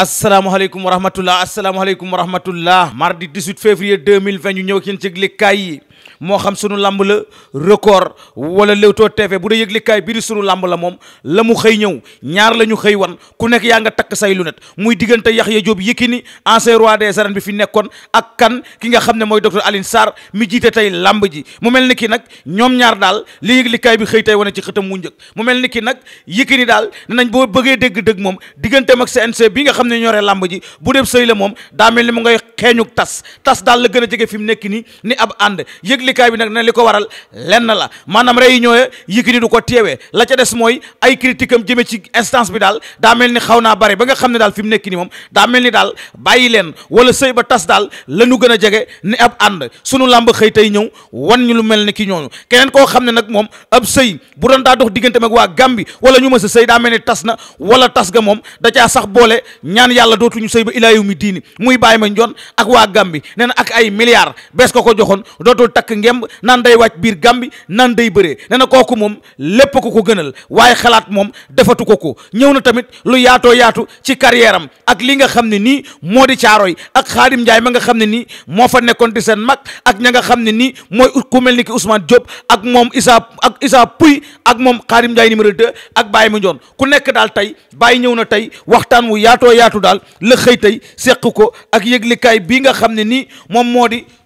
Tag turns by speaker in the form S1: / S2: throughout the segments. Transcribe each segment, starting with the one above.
S1: asalaamaaleykum wa rahmatullah asalaamaaleykum wa rahmatullah mardi 18 février 2020 mille ñëw ak yéen ci yëglekaay yi moo xam sunu làmb la record wala Leewtoo TV bu dee yëglikaay bi di sunu làmb la moom la mu xëy ñëw ñaar la ñu xëy wan ku nekk yaa nga takk say lunette muy diggante Yaxya Joob Yékini ancien roi des arènes bi fi nekkoon ak kan ki nga xam ne mooy docteur Alioune Sarr mi jiite tey làmb ji mu mel ni ki nag ñoom ñaar daal li yëglikaay bi xëy tey wane ci xëtam mu njëkk mu mel ni ki nag Yékini daal nañ boo bëggee dégg dëgg moom diggante ak CNC bi nga xam ne ñoree lamb ji bu dee sëy la moom daa mel ni mu ngay xeeñu tas tas daal la gën a jege fi mu nekk nii ni ab ànd yëglikaay bi nag ne li ko waral lenn la maanaam réunion ya Yékini du ko teewee la ca des mooy ay critique am jëmee ci instance bi daal daa mel ni xaw naa bare ba nga xam ne daal fi mu nekk ni moom daa mel ni daal bàyyi leen wala sëy ba tas daal lañu gën a jege ni ab ànd sunu làmb xëy tey ñëw wan ñu lu mel ni ki ñooñu keneen koo xam ne nag moom ab sëy bu doon daa dox diggante mag waa Gàmbi wala ñu mës a sëy daa mel ni tas na wala tas ga moom da caa sax boole ñaan yàlla dootuñu sëy ba ilaa yow mi diini muy bàyyi ma njoon ak waa Gàmbi nee ak ay milliards bees ko ko takk ngemb naan day wàcc biir Gàmbi naan day bëree ne kooku moom lépp ko ko gënal waaye xalaat moom defatu ko ko ñëw na tamit lu yaatoo yaatu ci carrière am ak li nga xam ne nii moo di caaroy ak Xaadim Njaay ma nga xam ne nii moo fa nekkoon di seen mag ak ña nga xam ne nii mooy ku mel ni ki Ousmane Diop ak moom Issa ak Issa Pouy ak moom Xaadim Njaay numéro 2 ak Baye Mandione ku nekk daal tey Baye ñëw na tey waxtaan wu yaatoo yaatu daal la xëy tey ko ak yëglikaay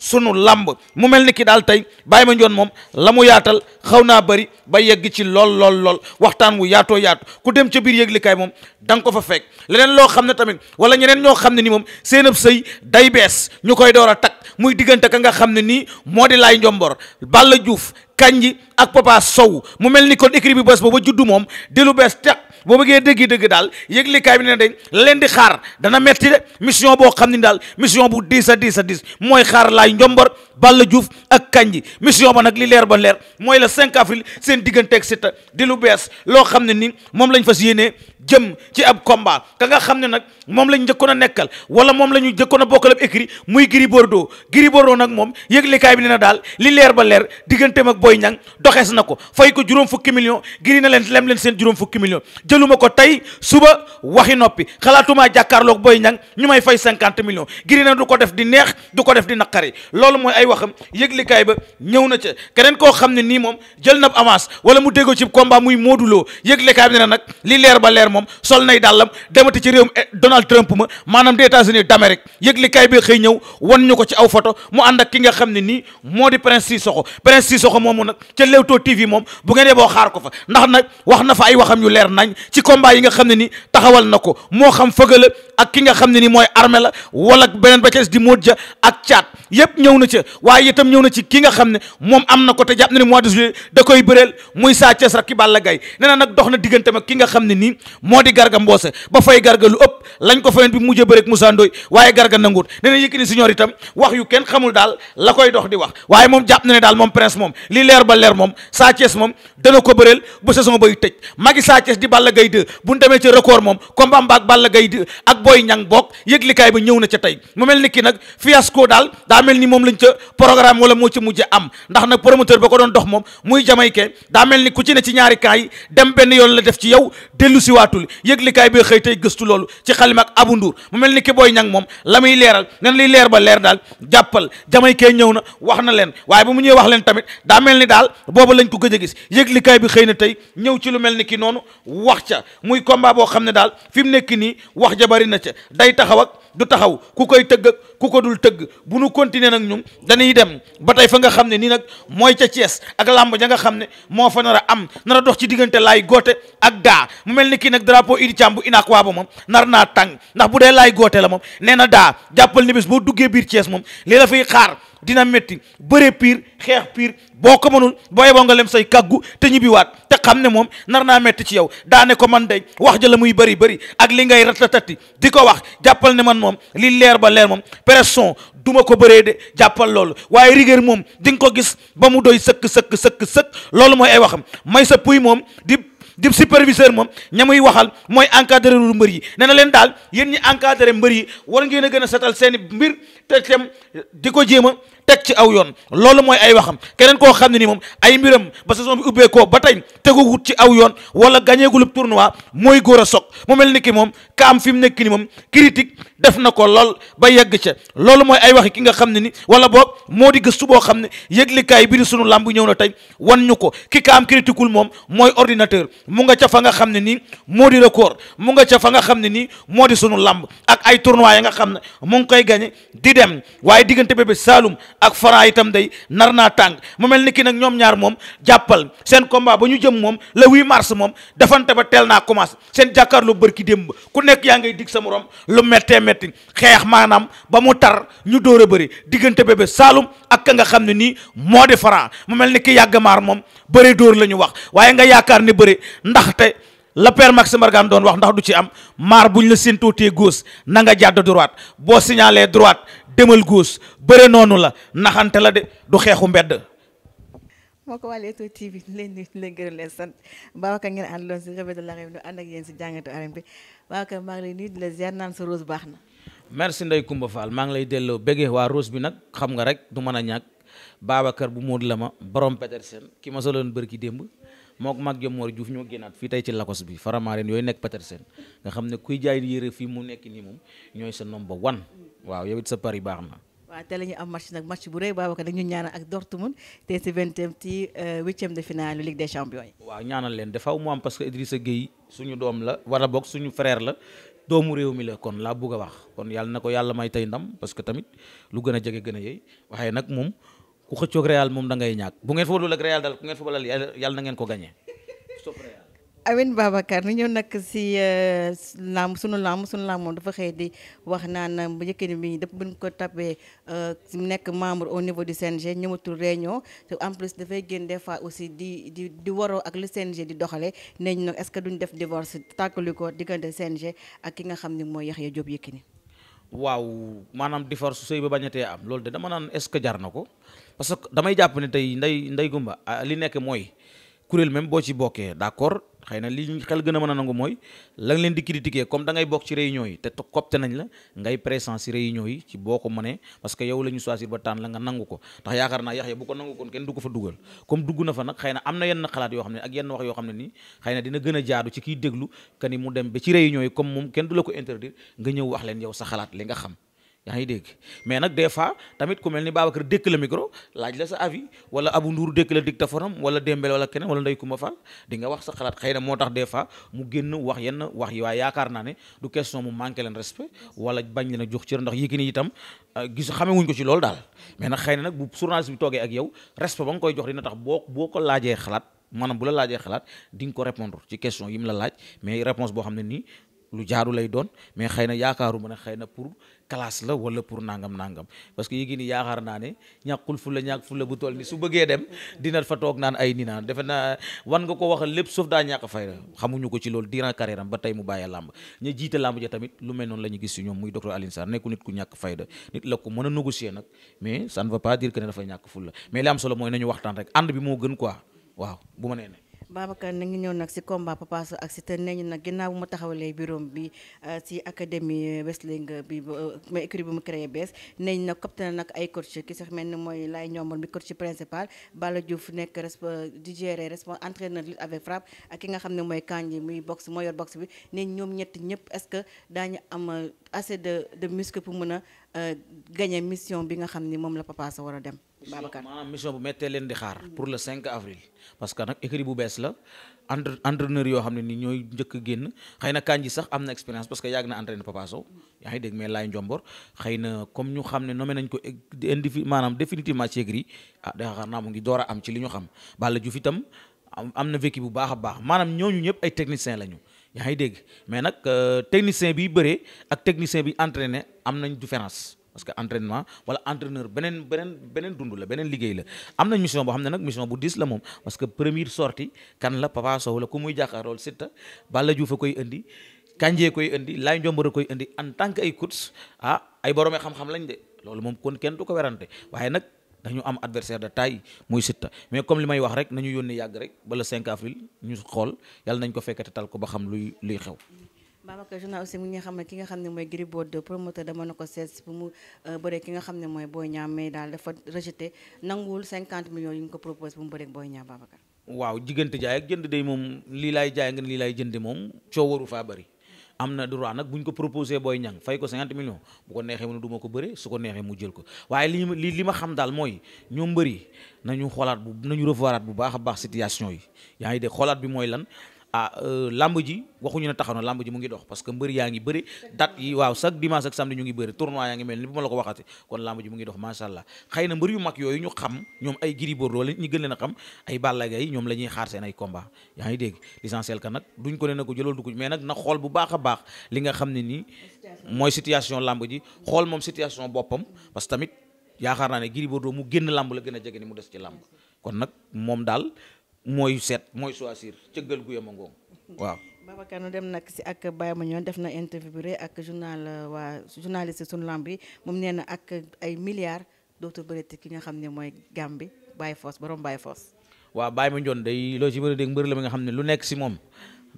S1: sunu làmb mu mel ni ki daal tey bàyyi ma njoon moom la mu yaatal xaw naa bëri ba yegg ci lool lool lool waxtaan wu yaatoo yaat ku dem ca biir yëglikaay moom da nga ko fa fekk leneen loo xam ne tamit wala ñeneen ñoo xam ne ni moom seen ab sëy day bees ñu koy door a takk muy diggante ka nga xam ne nii moo di laay njombor Balla juuf kanji ak Papa Sow mu mel ni kon écrit bi bés booba juddu moom di lu bees teq boo bëggee dëggi dëgg daal yëglikaay bi ne day leen di xaar dana metti de mission boo xam ne daal mission bu diis a diis a diis mooy xaar laay njombor Balla Diouf ak Kandji mission ba nag li leer ba leer mooy le 5 avril seen digganteeg Siteu di lu bees loo xam ne ni moom lañ fas yéenee jëm ci ab combat ka nga xam ne nag moom lañ njëkkoon a nekkal wala moom la ñu njëkkoon a bokkal ab écrit muy Gris Bordeaux Gris Bordeaux nag moom yëglekaay bi ne na daal li leer ba leer digganteem ak Boy Niang doxees na ko fay ko juróom fukki million Gris na leen lem leen seen juróom fukki million jëluma ko tey suba waxi noppi xalaatumaa jàkkaarloog Boy Niang ñu may fay 50 millions Gris na du ko def di neex du ko def di naqari waxam yëglikaay ba ñëw na ca keneen koo xam ne nii moom jël na avance wala mu déggoo ci combat muy Modou Lo yëglikaay bi ne na nag li leer ba leer moom sol nay dàllam demati ci réewum eh, Donald Trump ma maanaam des États-Unis d'Amérique yëglikaay bi xëy ñëw wan ñu ko ci aw photo mu ànd ak ki nga xam ne nii moo di Prince Sissoko Prince Sissoko moomu nag ca Leewtoo TV moom bu ngeen yeboo xaar ko fa ndax nag wax na fa ay waxam yu leer nañ ci combat yi nga xam ne nii taxawal na ko moo xam fëgala ak ki nga xam ne nii mooy armée la wala beneen ba ca di móot ja ak caat yëpp ñëw na ca waaye itam ñëw na ci ki nga xam ne moom am na ko te jàpp na ne mois de juillet da koy bëreel muy Sa Thiès rakk ki Balla Gaye nee na nag dox na diggante mag ki nga xam ne nii moo di garga mboose ba fay garga lu ëpp lañ ko fayoon bi mujjee bëreeg Moussa waaye garga nanguut nee na Yékini Senior itam wax yu kenn xamul daal la koy dox di wax waaye moom jàpp na ne daal moom prince moom li leer ba leer moom Sa Thiès moom dana ko bëreel bu saison bay tëj magi Sa di Balla gay 2 bu ñu demee ci record moom comme ba ak Balla Gaye 2 ak Boy Niang bokk yëglikaay ba ñëw na ca tey mu mel ni ki nag ko daal daa mel ni moom lañ ca programme wala moo ci mujj am ndax nag promoteur ba ko doon dox moom muy jamaykee daa mel ni ku ci ne ci ñaari kaay yi dem benn yoon la def ci yow dellu si waatul yëglikaay bi xëy tey gëstu loolu ci xalim ak Abu Ndour mu mel ni ki Boy Niang moom la muy leeral nen liy leer ba leer daal jàppal jamaykee ñëw na wax na leen waaye ñëwee wax leen tamit daa mel ni daal booba lañ ko gëj a yëglikaay bi xëy na tey ñëw ci lu mel ni ki noonu wax ca muy combat boo xam ne daal fi mu nekk nii wax ja bari na ca day taxaw ak du taxaw ku koy tëgg ak ku ko dul tëgg bu nu continuer nag ñun dañuy dem ba tey fa nga xam ne nii nag mooy ca cees ak làmb ja nga xam ne moo fa nar a am nar a dox ci diggante laay goote ak daa mu mel ni kii nag drapeau Idi Thiam bu inaak waa ba moom nar naa tàng ndax bu dee laay goote la moom nee na daa jàppal ni bis boo duggee biir Thiès moom fay xaar dina métti bëre piir xeex piir boo ko mënul boo yeboo nga lem say kàggu te ñibbiwaat te xam ne moom nar naa métti ci yow daane ko man day wax ja la muy bëri bëri ak li ngay ratatati di ko wax jàppal ne man moom li leer ba leer moom pression duma ko bëree de jàppal loolu waaye rigueur moom di nga ko gis ba mu doy sëkk sëkk sëkk sëkk loolu mooy ay waxam may sa puy moom di di superviseur moom ña muy waxal mooy encadré lu mbër yi nee na leen daal yéen ñi encadré mbër yi war ngeen a gën a setal seen mbir te tem di ko jéem a teg ci aw yoon loolu mooy ay waxam keneen koo xam ne ni moom ay mbiram ba saison bi ubbeekoo ba tey teguwut ci aw yoon wala gañeegulub tournoi mooy góor a soog mu mel ni ki moom kaam fi mu nekk ni moom critique def na ko lool ba yegg ca loolu mooy ay waxi ki nga xam ne ni wala boog moo di gëstu boo xam ne yëglikaay bi di sunu làmb ñëw na tey wan ñu ko ki kaam critiqueul moom mooy ordinateur mu nga ca fa nga xam ne nii moo di record mu nga ca fa nga xam ne nii moo di sunu làmb ak ay tournois ya nga xam ne mu ngi koy gañe di dem waaye diggante bébé Saloum ak Franc itam day nar naa tàng mu mel ni ki nag ñoom ñaar moom jàppal seen combat ba ñu jëm moom le 8 mars moom defante ba teel naa commencé seen bër ki démb ku nekk yaa ngay dig sa morom lu méttee métti xeex maanaam ba mu tar ñu dóor a bëri diggante bébé saalum ak ka nga xam ne nii moo di Franc mu mel ni ki yàgg maar moom bëri dóor la ñu wax waaye nga yaakaar ni bëri ndaxte la père Maxime Bargane doon wax ndax du ci am maar buñ la séntootee gauche na nga jàdd boo signalé droite demal góos bëre noonu la naxante la de du xeexu mbedd
S2: moo ko waa Leewtoo TV leen nuyu leen gërëm leen sant Babacar ngeen àndaloon ak yéen si jàngatu arène bi ngi di la naan sa rose baax na
S1: merci Ndeye Koumba Fall maa ngi lay delloo béggee waa rose bi nag xam nga rek du mën a ñàkk Babacar bu Modou la ma borom Petersen ki ma soloon bërki démb mook mag jom war Diouf ñoo génnaat fii tey ci lakos bi faramaareen yooyu nekk Petersen nga xam ne kuy jaay yére fii mu nekk nii moom ñooy sa number one waaw yow sa pari baax na
S2: waaw te la ñu am match nag match bu rëy Babacar dañu ñaanal ak Dortmund te si vingtième ci euh, huitième de finale Ligue des champions yi
S1: waaw ñaanal leen dafaw mu am parce que Idrissa Gueye suñu doom la wala bokk suñu frère la doomu réew mi la kon laa bugga wax kon yàlla na ko yàlla may tey ndam parce que tamit lu gën a gën a yey ku xëccoog Real moom da ngay ñàkk bu ngeen football ak Real daal ku ngeen football yàlla na ngeen ko gagné.
S2: Amin Babacar ni ñëw nag si euh, lamb sunu lamb sunu lamb moom dafa xëy di wax naan euh, bu njëkk bi dëpp buñ ko tapee euh, nekk membre au niveau du CNG ñëwatul réunion te en plus dafay génn des fois aussi di di di waroo ak le CNG di doxale nee ñu nag est-ce que duñ def divorce tàkkali ko diggante CNG ak ki nga xam ni mooy ya Jóob Yékini.
S1: waaw maanaam divorce sëy ba bañatee am loolu de dama naan est jar na ko. parce que damay jàpp ne tey nday nday gumba ah, li nekk mooy kuréel même boo ci bokkee d'accord xëy na li xel gën a nangu mooy la nga leen di critiquer comme da ngay bokk ci réunion yi te copte boo ko mënee parce que yow la ñu choisir ba ko ndax yaakaar naa yax ya bu ko nangu koon kenn fa dugal comme dugg na fa nag xëy am na yenn xalaat yoo xam ne ak yenn wax yoo xam ne nii xëy dina gën jaadu ci kiy déglu que mu dem ba ci réunion yi comme moom kenn du la ko interdire nga ñëw wax leen yow sa xalaat li nga xam yaa ngi dégg mais nag des fois tamit ku mel ni Babacar dékk la micro laaj la sa avis wala Abu Nduur dékk la dictaphone wala Dembele wala keneen wala Ndeye Coumba Fall di nga wax sa xalaat xëy na moo tax des fois mu génn wax yenn wax yi waaye yaakaar naa ne du question mu manqué leen respect wala bañ leen a jox cër ndax Yékini itam euh, gis xamewuñ ko ci loolu daal mais nag xëy na nag bu journaliste bi toogee ak yow respect ba nga koy jox dina tax boo boo ko laajee xalaat maanaam bu la laajee xalaat di ko répondre ci question yi mu laaj mais réponse boo xam ne nii lu jaaru lay doon mais xëy na yaakaaru ma ne xëy na pour classe la wala pour nangam nangam parce que Yékini yaakaar naa ne ñàkkul fu la ñàkk fu la bu toll ni su bëggee dem dina fa toog naan ay ni naan defe naa wan nga ko waxal lépp sauf daa ñàkk fayda xamuñu ko ci loolu durant carrière ba tey mu bàyyi làmb ñu jiite làmb ja tamit lu mel noonu la ñu gis si ñoom muy docteur Alioune Sarr nekkul nit ku ñàkk fayda nit la ko mën a négocier nag mais ça ne
S2: Babacar na ngi ñëw nag si combat Papa Sow ak Siteu nee ñu nag ginnaaw bu mu taxawalee bureau bi si euh, académie euh, wrestling bi euh, mais écurie bi mu créé bees nee ñu nag copté na nag ay coach ki sax mel ni mooy laay ñoomboon bi coach principal Bala Diouf nekk resp di gérer respon entraîneur lutte avec frappe ak ki nga xam ne mooy kanji muy boxe moo yor boxe bi nee ñoom ñett ñëpp est-ce que daañu am assez de de muscle pour Euh, gagné mission bi nga xam ni moom la Papa war a dem. Babacar
S1: mission mission bu méttee leen di xaar. pour le cinq avril. parce que nag écurie bu bees la entre entraîneur yoo xam ne ni ñooy njëkk génn xëy na Kandji sax am na expérience parce que yàgg na entraîné Papa Sow yaa ngi dégg mais Laye Ndiombor xëy comme ñu xam ne nommé nañ ko indi maanaam définitivement ci écurie ah da xaar naa mu ngi door a am ci li ñu xam Balla Diouf itam am na vécu bu baax a baax maanaam ñooñu ñëpp ay techniciens lañu. ñaa ngi dégg mais nag euh, technicien bi bëree ak technicien bi entraîné am nañ différence parce que entraînement wala entraîneur beneen beneen beneen dund la beneen liggéey la am na mission boo xam ne nag mission bu diis la moom parce que première sortie kan la Papa Sow la ku muy jàkkaarlool Siteu Balla Diouf a koy indi kànjee koy indi Laay Njombor a koy indi en tant que ay coach ah ay boromee xam-xam lañ de loolu moom kon kenn du ko werante waaye nag dañu am adversaire de taille muy Siteu mais comme li may wax rek nañu yónni yàgg rek bala 5 avril ñu xool yàlla nañ ko fekkete tal ko ba xam luy luy xew.
S2: Babacar journal aussi mu ngi xam ne ki nga xam ne mooy Gris Bordeaux promoteur dama na ko seet bu mu euh, bëree ki nga xam ne mooy Boy Niang mais daal dafa rejeté nanguwul 50 millions yu ñu ko propose bu mu bëree Boy Niang Babacar.
S1: waaw jigante jaay jënd day moom lii laay jaay nga lii laay jënde moom coow waru faa bëri am na droit nag buñ ko proposé booy Niang fay ko 50 millions bu ko neexee mu ne du ma ko bëre su ko neexee mu jël ko waaye li li li ma xam daal mooy ñoom mbëri nañu xoolaat bu nañu revoiraat bu baax a baax situation yi yaa ngi dégg xoolaat bi mooy lan ah euh, lamb ji waxuñu ne taxaw na lamb ji mu ngi dox parce que mbër yaa ngi bëri date yi waaw chaque dimanche ak samedi ñu ngi bëri tournoi yaa ngi mel ni bu ma la ko waxati kon lamb ji mu ngi dox a xam ay Balla na ko jëlool du ko mais nag na xool bu baax a baax li nga xam ne nii mooy situation lamb ji xool moom situation boppam parce que tamit yaakaar naa ne Gris Bordeaux mu génn làmb la gën a jege ni mu des ci lamb kon nag moom daal mooy seet mooy choisir cëggal guyam a ngoom waaw
S2: Babacar ñu dem nag si ak baay ma Mandione def na interview bi rek ak journal euh, waa journaliste sunu lamb bi moom nee na ak ay milliards dootul bëreeti ki nga xam ne mooy Gàmbi Baye Foss borom Baye Foss
S1: waaw ma Mandione day loo ci bëri dégg mbër la mi nga xam ne lu nekk si moom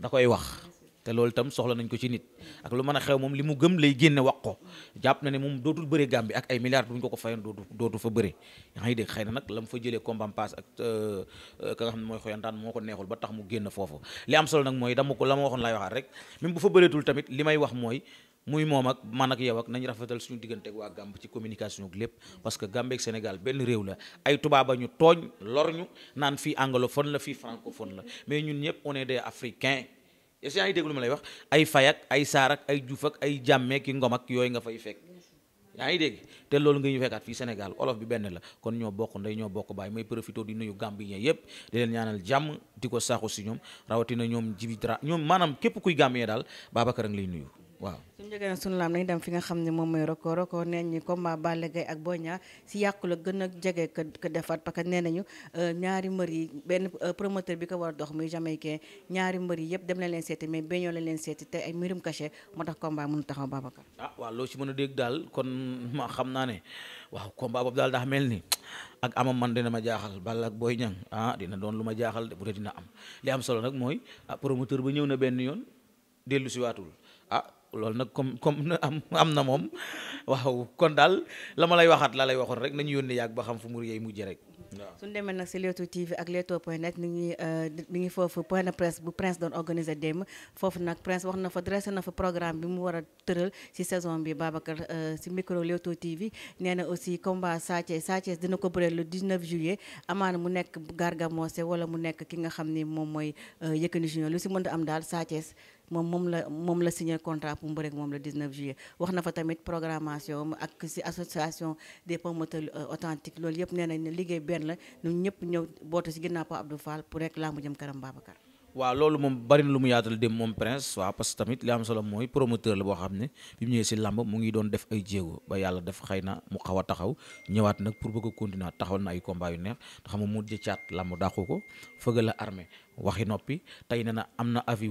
S1: da koy wax te loolu itam soxla nañ ko ci nit ak lu mën a xew moom li mu gëm lay génne wax ko jàpp na ne moom dootul bëre Gàmbi ak ay milliards duñ ko ko fayoon dootu dootu fa bëre yaa ngi dégg xëy na nag la mu fa jëlee combat euh, euh, mooy xoyantaan moo ko neexul ba tax mu génn foofu li am solo nag mooy dama ko la ma waxoon laay waxaat rek même bu fa bëreetul tamit li may wax mooy muy moom ak man ak yow rafetal suñu diggante ak waa Gàmbi ci communication ak lépp parce que Gàmbi ak Sénégal benn réew la ay tubaaba ñu tooñ lor ñu naan fii anglophone la fii francophone la mais ñun ñëpp on est des est si yaa ngi dégg lu ma lay wax ay fayak ay saarak ay juufak ay jàmmeek ki ngom ak yooyu nga fay fekk yaa ngi dégg te loolu nga ñu fekkaat fii Sénégal olof bi benn la kon ñoo bokk ndey ñoo bokk baay may profité di nuyu Gambien yëpp di leen ñaanal jàmm di ko saxu si ñoom rawatina ñoom Djibi Dra ñoom maanaam képp kuy Gambien daal Babacar a lay nuyu waaw
S2: su jógee nag sunu laam nañ dem fi nga xam ne moom mooy roko roko nee ñi combat Balla Gaye ak Boy Niang si yàqu la gën a jege ka ka defaat parce que nee nañu euh, ñaari mbër yi benn euh, promoteur bi ko war a dox muy Jamaïcain ñaari mbër yi yëpp dem na leen seeti mais beñoo la leen seeti te ay mbirum cachet moo tax combat mënu taxaw Babacar
S1: ah waa loo si mën a dégg daal kon ma xam naa ne waaw combat boobu daal daa mel ni ak amam man dina ma jaaxal Balla ak Boy Niang ah dina doon lu ma jaaxal bu dee dina am li am solo nag mooy ah promoteur ba ñëw na benn yoon dellu si loolu nag comme comme am am na moom waaw kon daal la ma lay waxaat la lay waxoon rek nañu yónni yàgg ba xam fu mur yeey mujj rek waaw
S2: suñu demee nag si Leewtoo TV ak Leewtoo point net ni ngi euh, mi foofu point de presse bu Prince doon organisé démb foofu nag Prince wax na fa dressé na fa programme bi mu war a tëral si saison bi Babacar euh, si micro Leewtoo TV nee na aussi combat Sa Thiès Sa Thiès dina ko bëree le 19 juillet amaana mu nekk Gargamose wala mu nekk ki nga ni moom mooy euh, Yékini moom moom la moom la signé contrat pour mu bëre ak moom le 19 juillet wax na fa tamit programmation ak si association des promoteurs euh, authentiques loolu yëpp pour parce
S1: que tamit li am solo mooy la boo xam ne si làmb mu ngi doon def ay jéego ba yàlla def xëy na mu xaw a taxaw ñëwaat pour bëgg a continuer taxawal na ay combat yu neex te xam nga mu jëcaat làmb dàqu ko fëgg la armée waxi noppi tey ne am na avis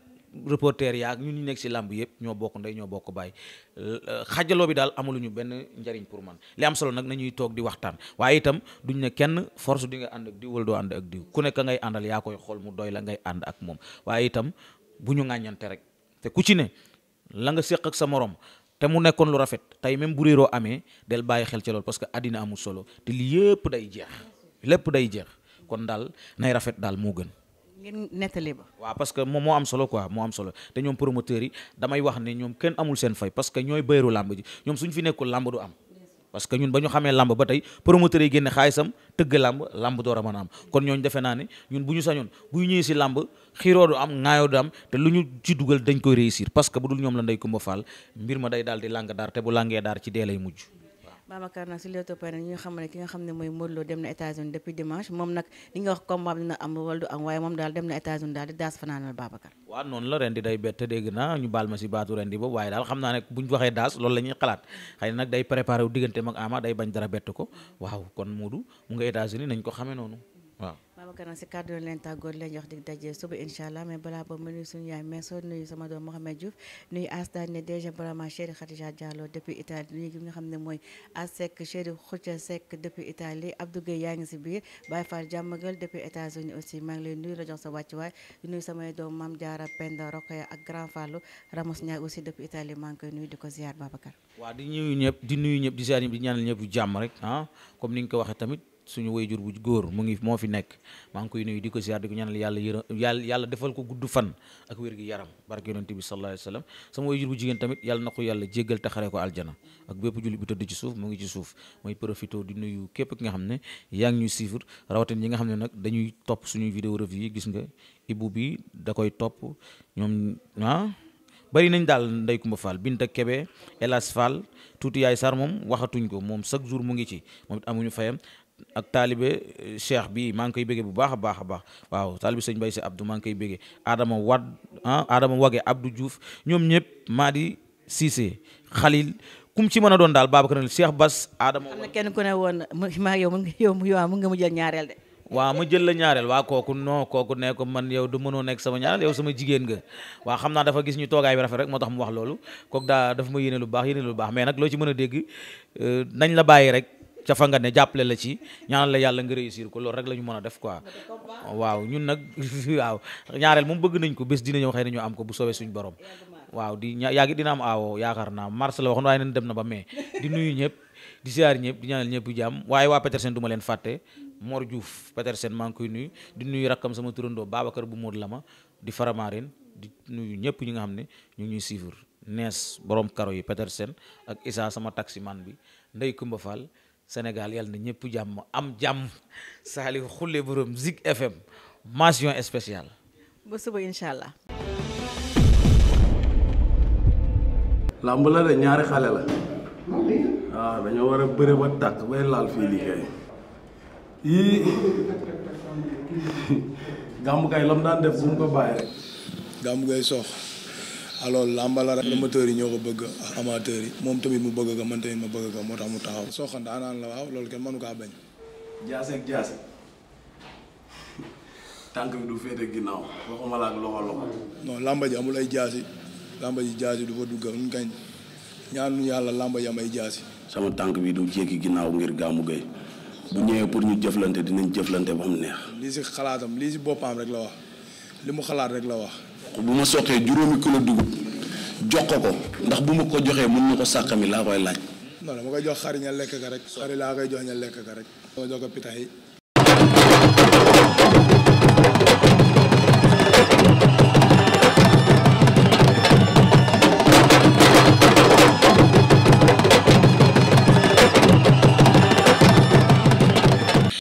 S1: reporter yaag ñun ñu nekk si làmb yëpp ñoo bokk ndey ñoo bokk baay xajaloo bi daal amuluñu benn njariñ pour man li am solo nag nañuy toog di waxtaan waaye itam duñ ne kenn force di nga ànd ak diw doo ànd ak diw ku nekk ngay àndal yaa koy xool mu doy la ngay ànd ak moom waaye bu ñu ŋàññante rek te ku ci ne la nga séq ak sa morom te mu nekkoon lu rafet tey même bu réeroo amee del bàyyi xel ci lool parce que àddina amul solo te li yëpp day jeex lépp day jeex kon daal nay rafet daal moo gën
S2: ngeen nettali ba.
S1: waaw que moom moo am solo quoi moo am solo te ñoom promoteurs yi damay wax ne ñoom kenn amul seen fay parce que ñooy bayru làmb ji ñoom suñ fi nekkul làmb du am. parce que ñun ba ñu xamee làmb ba tey promoteurs yi génne xaalisam tëgg làmb làmb door a mën am kon ñooñ defe naa ne ñun bu ñu sañoon bu ñu ñëwee si làmb xiiroo du am ŋaayoo du am te lu ñu ci dugal dañ koy réussir parce que bu dul ñoom la ndey Kumba Fall mbir ma day daal di làng daar te bu làngee daar ci dee lay mujj.
S2: Babacar nag si Leewtoo point ñu xam ne ki nga xam ne mooy Modou dem na États-Unis depuis dimanche moom nag li nga wax combat dina am wala am waaye moom daal dem na États-Unis daal di daas fanaanal Babacar
S1: waaw noonu la ren day bett dégg naa ñu baal ma si baatu ren boobu waaye daal xam naa ne buñ waxee daas loolu la xalaat xëy nag day préparé diggante mag Ama day bañ dara bett ko waaw kon Modou mu nga États-Unis nañ ko xamee noonu
S2: Babacar nag si kàddu leen tàggoon leen jox dig daje suba incha mais balaa boobu ma nuyu suñu yaay meesoo nuyu sama doom Mohamed Diouf nuyu Asda ne déjà vraiment chéri Khadija Diallo depuis Italie nuyu gi nga xam ne maa ngi koy nuyu di ko ziar Babacar
S1: waaw di nuyu ñëpp di nuyu ñëpp di ñaanal ñëpp jàmm rek ah, comme ni nga ko waxee tamit suñu jur bu góor mu ngi moo fi nekk maa ngi koy nuyu di ko ziar di ko ñaanal yàlla yërëm yàlla yàlla defal ko gudd fan ak wér gi yaram barke yonente bi sallallahu alayhi wasallam sama wayjur bu jigéen tamit yàlla na ko yàlla te taxaree ko aljana ak bépp julli bu tëdd ci suuf mu ngi ci suuf mooy profité di nuyu képp ki nga xam ne yaa ngi ñuy suivre rawatina ñi nga xam ne nag dañuy topp suñuy vidéo review yi gis nga ibu bi da koy topp ñoom ah bari nañ daal Ndeye Coumba Fall Binta Kebe Elas Fall tuuti yaay Sarr moom waxatuñ ko moom chaque jour mu ngi ci amuñu fayam ak taalibe cheikh bi maa ngi koy béggee bu baax a baax a baax waaw taalibe sëñ Bay si Abdou maa ngi koy béggee Adama Wad ah Adama Wage Abdou juuf ñoom ñëpp Madi Cissé Khalil kum ci mën a doon daal Babacar Cheikh Bass Adama.
S2: am kenn ku ne woon maa yow mu nga mu jël ñaareel de.
S1: waaw ma jël la ñaareel waa kooku non kooku ne ko man yow du mënoo nekk sama ñaareel sama jigéen nga waa xam naa dafa gis ñu toogaay bi rek moo tax mu wax loolu kooku daa ma yéene lu baax yéene lu baax mais nag loo ci mën a dégg euh, nañ la bàyyi rek ca fa nga ne jàppale la ci ñaanal la yàlla nga réussir ko loolu rek la ñu mën a def quoi waaw ñun nag waaw ñaareel moom bëgg nañ ko bés dina ñëw xëy ñu am ko bu soobee suñu borom waaw di ña yaa ngi dina am aawo yaakaar naa mars la waxoon waaye nañ dem na ba mai di nuyu ñëpp di siyaar ñëpp di ñaanal ñëpp jàmm waaye waa Petersen du ma leen fàtte Mor Diouf Petersen maa ngi koy nuyu di nuyu rakkam sama turandoo Babacar bu Móodu Lama di Faramareen di nuyu ñëpp ñi nga xam ne ñu ngi ñuy suivre nees borom karo yi Petersen ak Issa sama taximan bi Ndey Kumba Sénégal yàlla na ñëpp jàmm am jàmm Saliou Khoulé borom Zik FM mention spéciale.
S2: ba suba incha allah.
S3: làmb la de ñaari xale la. waaw ah, dañoo war a bëre ba tàkk bay laal fii liggéey. yii gàmmu kay daan
S4: def bu mu ko bàyyi rek. gàmmu sox. alors làmba la rek amateurs hmm. yi ñoo ko bëgg amateurs yi moom tamit mu bëgg ko mën tamit ma bëgg ko moo tax mu taxaw soxan daanaan la waaw loolu kenn mënu kaa bañ
S3: jaase ak tànk bi du féete ginnaaw waxuma
S4: ji amul ay jaasi lamba ji jaasi du fa dugga ñu kañ yàlla lamba ji am ay jaasi
S3: sama bi du jéggi ginnaaw ngir gaamu gay bu ñëwee pour ñu jëflante dinañ jëflante ba mu neex
S4: lii si xalaatam lii si boppam rek la wax li mu xalaat rek la wax
S3: bu ma soqee juróomi kilo dugub jox ko ndax bu ma ko joxee mën na ko sàkkami laa koy laaj.
S4: non ma koy jox xar ña lekk ka rek. xari laa koy jox ña lekk ka rek. ma jox ko pitax yi.